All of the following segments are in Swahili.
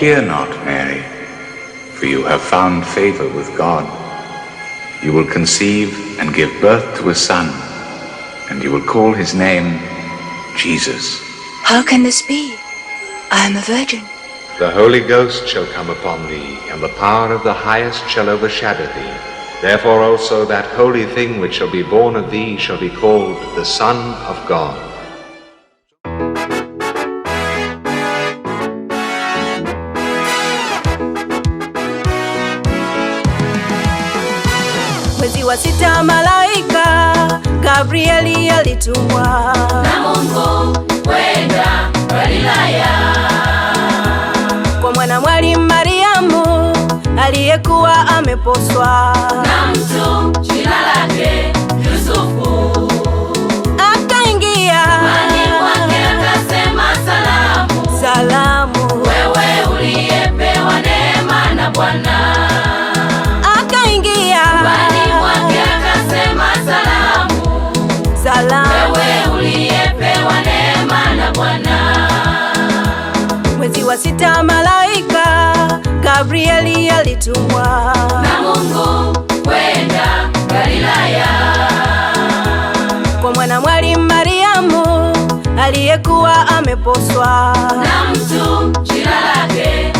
Fear not, Mary, for you have found favor with God. You will conceive and give birth to a son, and you will call his name Jesus. How can this be? I am a virgin. The Holy Ghost shall come upon thee, and the power of the highest shall overshadow thee. Therefore also that holy thing which shall be born of thee shall be called the Son of God. wa sita malaika Gabrieli alitumwa na Mungu kwenda Galilaya kwa mwana Mariamu aliyekuwa ameposwa na mtu wa sita malaika Gabrieli alitumwa na Mungu kwenda Galilaya kwa mwana mwali Mariamu aliyekuwa ameposwa na mtu jina lake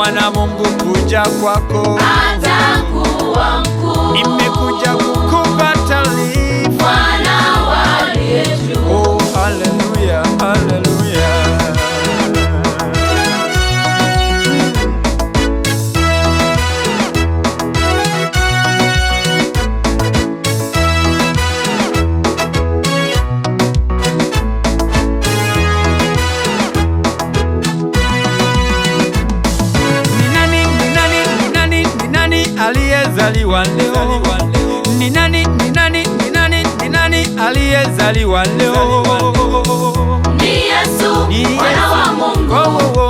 mwana Mungu, kuja kwako atangu mkuu aliyezaliwa leo? Ni nani, ni nani, ni nani, ni nani aliyezaliwa leo? Ni Yesu, mwana wa Mungu. Oh, oh, oh.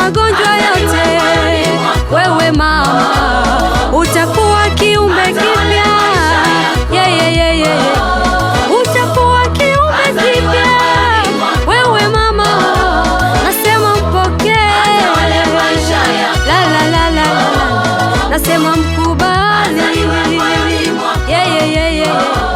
magonjwa yote, wewe mama utakuwa kiumbe kipya yeye yeye Utakuwa kiumbe kipya wewe mama, nasema mpokee, la la la la, nasema mkubali yeah, yeah, yeah, yeah.